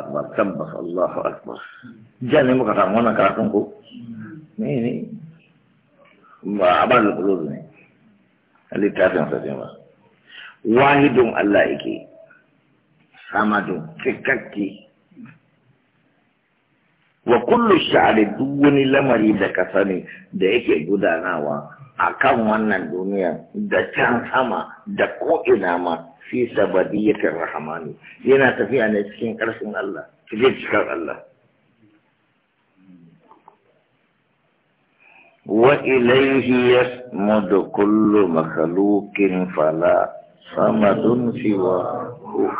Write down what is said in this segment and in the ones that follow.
akbar tabbas Allahu akbar muka samu wannan karatun ko ne ba ne littafin sa ba wahidun Allah yake samadun cikakke wa kullu sha'ari duk wani lamari da ka sani da yake gudanawa a kan wannan duniya da can sama da ko'ina ma في سبدية الرحمن ينا تفي أن يسكن كرسم الله تجد شكر الله وإليه يسمد كل مخلوق فلا صمد سواه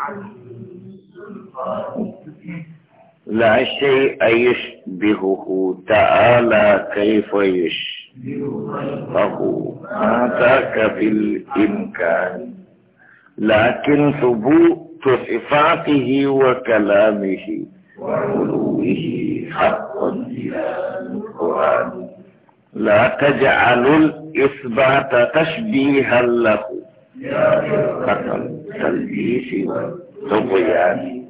لا شيء يشبهه تعالى كيف يشبهه ما ذاك بالإمكان لكن ثبوت صفاته وكلامه وعلوه حق إلى القرآن لا تجعل الإثبات تشبيها له فرقة التلبيس والطغيان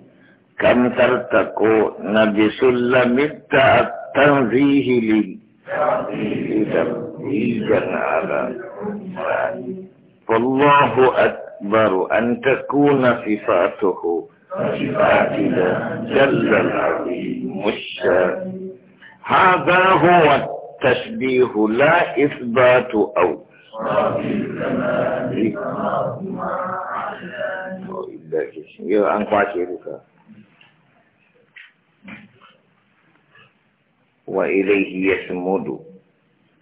كم ترتقو بسلم التنزيه لتمجيدا على فالله أت أكبر أن تكون صفاته صفاتنا جل العظيم هذا هو التشبيه لا إثبات أو وإليه يسمد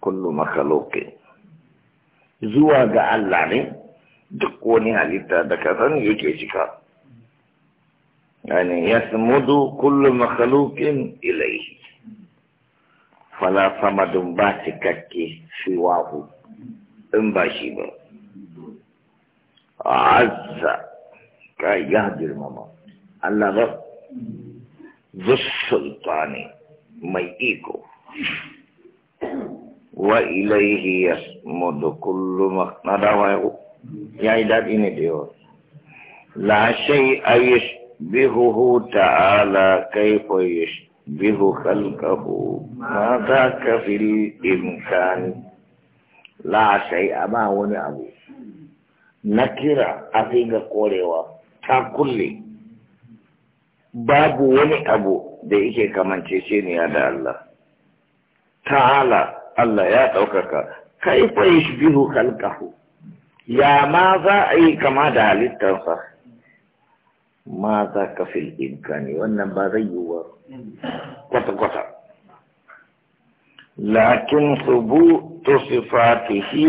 كل مخلوق زواج الله دقوني علي دكاتن يجيجيكا يعني يسمد كل مخلوق إليه فلا صمد باسك كي سواه امباشيبا عز كي يهدر ماما الله ذو السلطان مي وإليه يسمد كل مخلوق ya yi daɗi ne da yawa la shay ayish bihuhu ta'ala kaifa yashbihu khalqahu ma dhaka fil imkani la shay ba wani abu kira a ga korewa ta kulle babu wani abu da yake kamance ce ya da Allah ta'ala Allah ya ɗaukaka kaifa yashbihu khalqahu ya ma za a yi kama da halittarsa ma za ka fil ne wannan ba zai wa kwata-kwata lakin subu to shi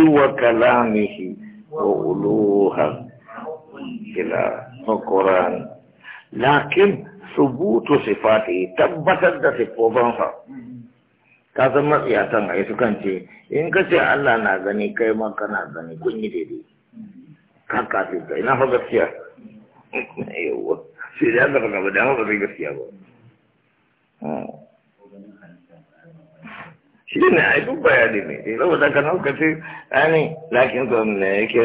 wa kalamihi wa uluha ila fakuran lakin subutu sifati tabbatar da siffofinsa ka zama tsiyatan a yi sukan ce in ka ce Allah na gani kai ma kana gani kun yi daidai kan kafin ta ina fa gaskiya yawwa sai da ga gaba da ba zai gaskiya ba shi ne a duk bayani ne da yau da kan hauka ce yani lakin zuwa ne yake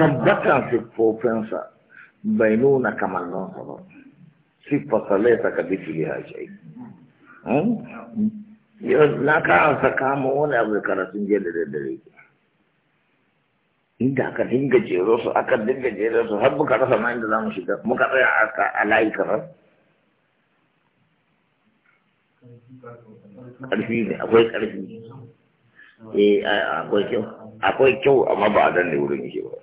tabbatan fensa, bai nuna kamanninsa ba siffarsa ta hmm? ka bi fili hajjai yau na ka an saka mu wani abu karatun jiya da daddare inda aka dinga jero su aka dinga jero su har muka rasa ma inda za mu shiga muka tsaya a layi kamar ƙarfi ne akwai ƙarfi eh akwai kyau akwai kyau amma ba a ne wurin yake ba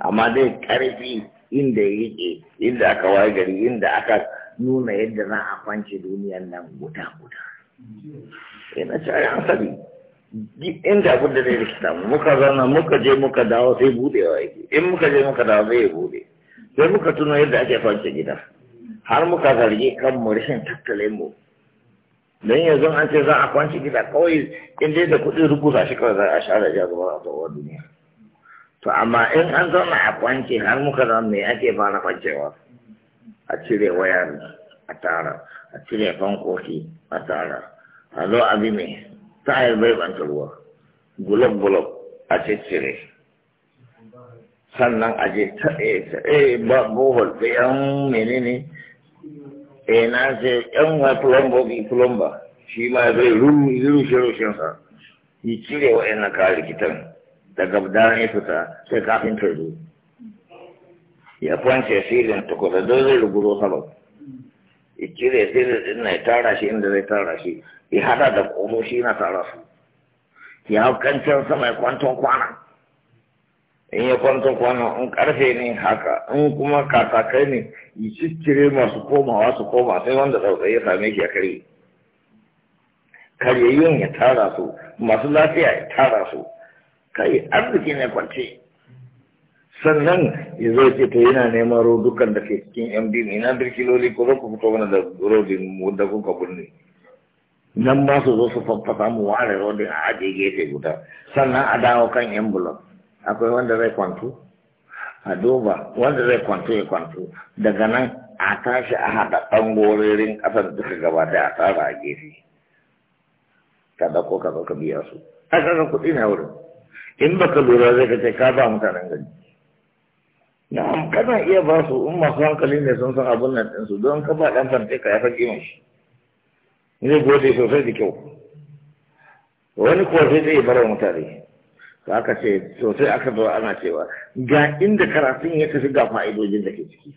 amma dai ƙarfi inda yake inda aka waye gari inda aka nuna yadda za a kwance duniyar nan guda guda yana cewa an sabi inda abin da zai rikita mu muka zana muka je muka dawo sai budewa yake in muka je muka dawo zai bude sai muka tuno yadda ake kwance gida har muka zargi kan rashin tattalin mu don yanzu an ce za a kwance gida kawai in dai da kuɗin rubuta shi kawai za a share jagora a tsawon duniya to amma in an zauna a kwance har muka zama me ake fara kwancewa a cire wayar a tara a cire fankoki a tara a zo abi mai sa'ayar bai banta ruwa gulob-gulob a ciccire sannan a je taɗe eh, eh, ba bohol da yan menene eh na ce yan wa plumbo bi plumba shi ma zai rushe sa. yi cire wa na kawo likitan daga daren ya fita sai kafin tarzo ya kwance filin tukuda don zai ruguro sabon ya cire sirri da na ya tara shi inda zai tara shi ya hada da komo shi na tara su ya hau kancan sama ya kwanton kwana in ya kwanton kwana in karfe ne haka in kuma katakai ne ya cire masu komawa su koma sai wanda tsautsayi ya same shi ya karye karyayyun ya tara su masu lafiya ya tara su kai arziki ne kwance sannan ya zo ce to yana neman rodukan da ke cikin md ina birkiloli ko ku fito mana da rodin kun ka binne nan ba su zo su fafasa mu ware rodin a ajiye gefe guda sannan a dawo kan envelope akwai wanda zai kwantu? a duba wanda zai kwantu ya kwantu. daga nan a tashi a haɗa ɓangorerin ƙasar duka gaba da a tsara a gefe ka ɗauko ka zo ka biya su a kaga kuɗi na wurin in baka lura zai ka ce ka ba mutanen gari na'am kana iya ba su in masu hankali ne sun san abin nan ɗinsu don ka ɗan fante ka ya faƙi mashi zai gode sosai da kyau wani kuwa sai zai bar mutane to aka ce sosai aka zo ana cewa ga inda karatun ya tafi ga fa'idojin da ke ciki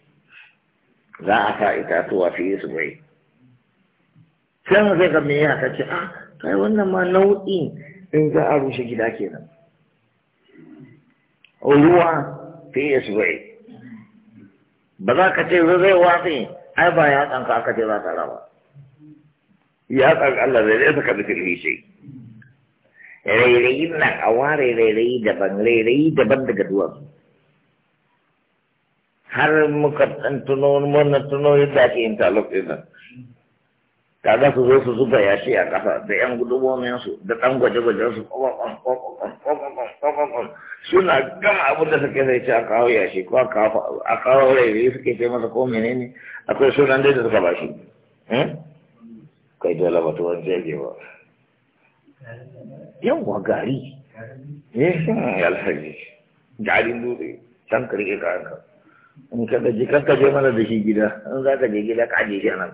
za a sa itatuwa fiye su bai sai sai ka me ya ka ce ah kai wannan ma nau'in in za a rushe gida kenan ruwa fi isbu'i ba za ka ce zai watsi ai ba ya tsanka aka ce za ta raba ya tsanka Allah zai zai saka bikin hishe rairayi na a rairayi daban rairayi daban daga duwan har muka ɗan tuno mana tuno yadda ake yin talo ɗin nan kaga su zo su zuba yashi a ƙasa da ƴan gudumomin su da ɗan gwaje-gwajen su kan suna gama abin da suke zai ce a kawo yashi ko a kawo rairi suke ce masa ko menene akwai sunan dai da suka bashi hmm? kai dole ba tuwon jage ba yawwa gari ne eh, shi alhaji garin dutse can karke kayanka in ka gaji kan ka je mana da shi gida in za ka je gida ka je shi nan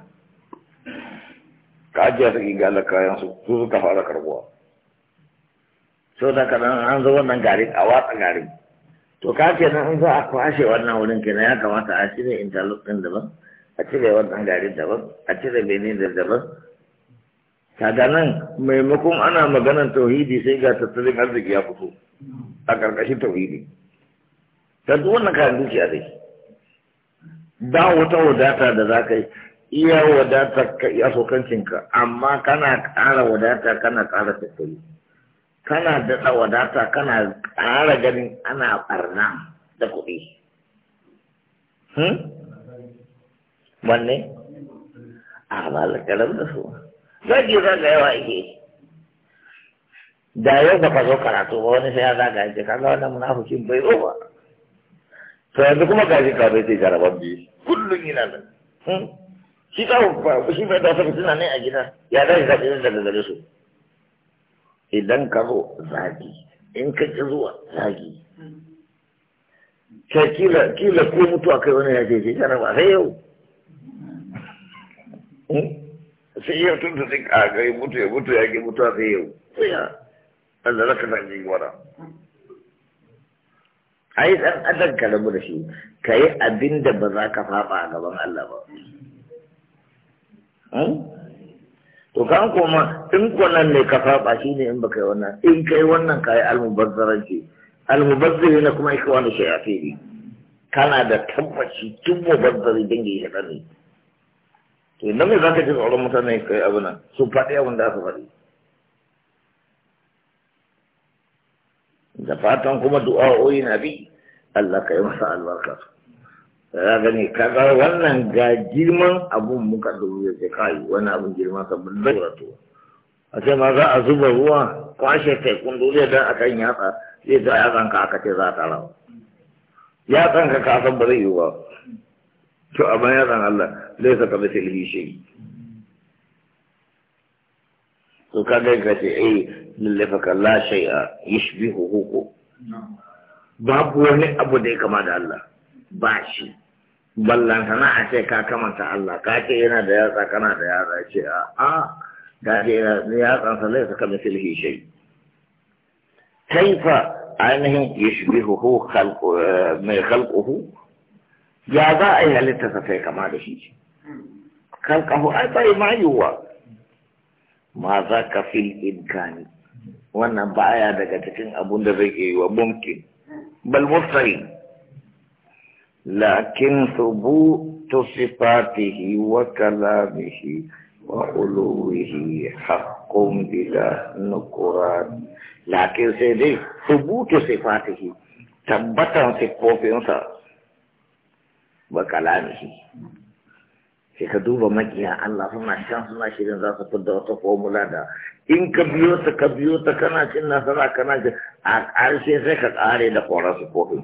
ka ajiya su igala kayan su su suka fara karbuwa so da kaɗan an zo wannan garin a watsa garin to ka ce nan an za a kwashe wannan wurin kenan ya kamata a cire interlock ɗin daban a cire wannan garin daban a cire benin da daban kaga nan maimakon ana maganar tauhidi sai ga tattalin arziki ya fito a ƙarƙashin tauhidi ta duk wannan kayan dukiya dai ba wata wadata da za ka yi iya wadatar ka iya sokancinka amma kana ƙara wadata kana ƙara tattali kana daɗa wadata kana ƙara ganin ana ɓarna da kuɗi hmm? wanne a malakarar da su zagi yawa ake da yau ba ka zo karatu ba wani sai ya zaga ya ce kaga wannan munafukin bai zo ba to yanzu kuma ga shi kawai sai jaraban biyu kullum yana nan hmm? shi kawo shi bai da wasu suna ne a gida ya zai zaɓi da daga gare su idan ka zo zagi in ka ki zuwa zagi sai kila ko ko mutuwa kai wani ya ce ce ba sai yau hmm? sai yau tun da sai a ga mutu ya mutu ya ke mutuwa sai yau sai ya Allah zaka san ji wara yi ɗan adan ka rabu da shi abin abinda ba za ka faɓa a gaban Allah ba hmm? to kan kuma in kunan ne ka faɓa shi ne in baka yi wannan in kai wannan kayi almubazzaranci almubazzari na kuma ikawa na shayafiri kana da tabbaci tun mubazzari dangi ya ne to nan ne za ka ji tsoron mutane kai abu nan su faɗi abin da su faɗi da fatan kuma du'a'o'i na bi Allah ka yi masa albarka da gani kaga wannan ga girman abun muka dubu ya ce kai wani abun girman sabbin da wurato a ce ma za a zuba ruwa kwashe kai kundu zai dan akan yatsa zai ga yatsan ka aka ce za ta rawa yatsan ka ka san ba zai yi ba to amma yatsan Allah zai saka da silhi shi to ga ka ce eh ka la shay'a yashbihu ko babu wani abu da ya kama da Allah ba shi ballantana a ce ka kamanta Allah ka ce yana da yatsa kana da yatsa ce a a? ka ce yatsa sa laisa ka mislihi shay kaifa ainihin yashbihuhu khalqu mai khalquhu ya za a yi halitta sa sai kama da shi khalqahu ai bai ma yuwa ma za ka fil imkani wannan baya daga cikin abun da zai yi wa mumkin bal mustahil لكن ثبوت صفاته وكلامه وعلوه حق بلا نكران لكن سيدي ثبوت صفاته تبتا صفوفنسا وكلامه sai ka duba makiya Allah suna can suna shirin za su fidda wata formula da in ka biyo ta ka biyo ta kana cin nasara kana a ƙarshe sai ka ƙare da koransu kofin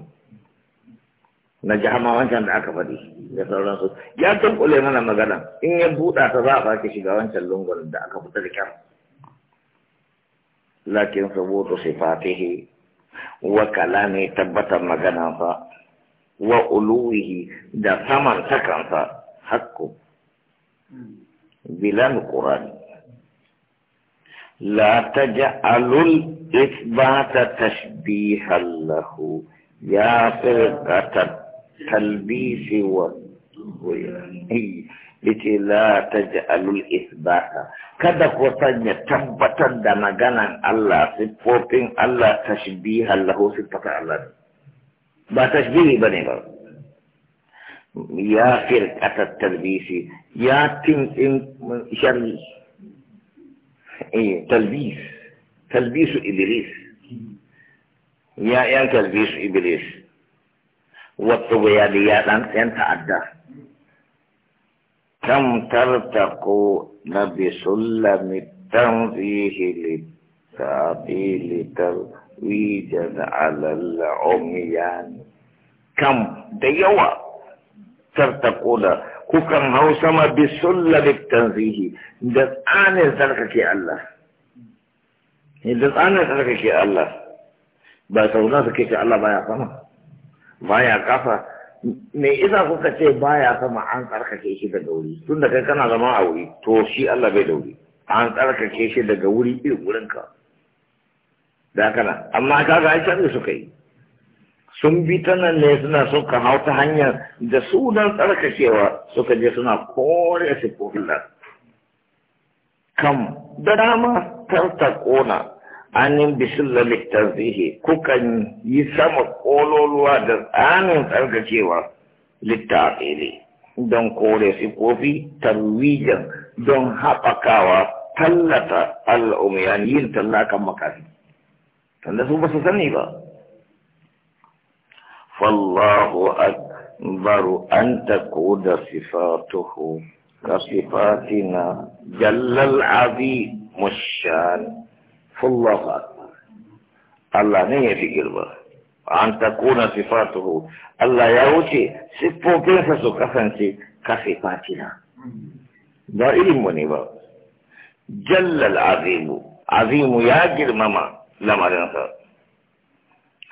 na wancan da aka faɗi da sauransu ya tunkule mana magana in ya buɗa ta za a sake shiga wancan lungun da aka fita da kyar lakin saboda sifatihi wa kalami tabbatar maganansa wa uluwihi da saman takansa hakku bilan qur'ani la taj'alul isbata tashbihan lahu ya firqatat التلبيس والتهويل لكي لا تجعل الإثبات كذا قصدنا تبتا دمجانا الله سبوبين الله تشبيها له سبتا الله ba tashbihi bane ba ya firqatat talbisi ya tin in sharri eh talbis talbisu iblis ya yan talbisu iblis والطغيان يا أن تعدى كم ترتقوا بسلم التنزيه للتعطيل ترويجا على العميان كم ديوا ترتقون هو سما بسلم التنزيه ده أنا ذلك يا الله ده أنا ذلك يا الله بس هو ناس الله ما يفهمه baya kafa me isa kuka ce baya sama an tsarkake shi daga wuri tun da kai kana zama a wuri to shi Allah bai da wuri an tsarkake shi daga wuri irin wurin ka da kana amma kaga ai can suka yi sun bi ta nan ne suna so ka hau ta hanyar da sunan tsarkakewa suka je suna kore siffofin nan kam da dama tarta kona anin bisulla littafihi kukan yi sama kololuwa da tsanin tsarkakewa littafi don kore sifofi tarwijan don haɓakawa tallata al'umiyan yin tallakan makasi tanda su ba su sani ba fallahu akbar an takuda sifatuhu ka sifatina jallal abi mushan فالله أكبر الله نية في قلبه أن تكون صفاته الله يوتي سفو كيف كفي كصفاتنا ده علم نبا جل العظيم عظيم يا جرمما لما ننسى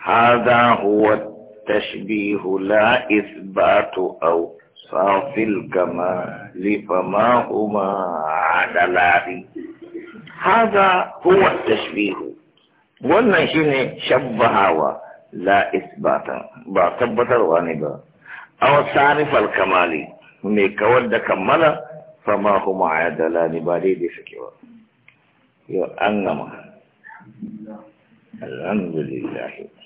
هذا هو التشبيه لا إثبات أو صافي الكمال فما هما عدلان هذا هو التشبيه wannan shine shabbahawa la isbata ba tabbatarwa ne ba aw sarifal kamali mai kawar da kammala fama kuma adala ne ba daidai suke ba yau an gama alhamdulillah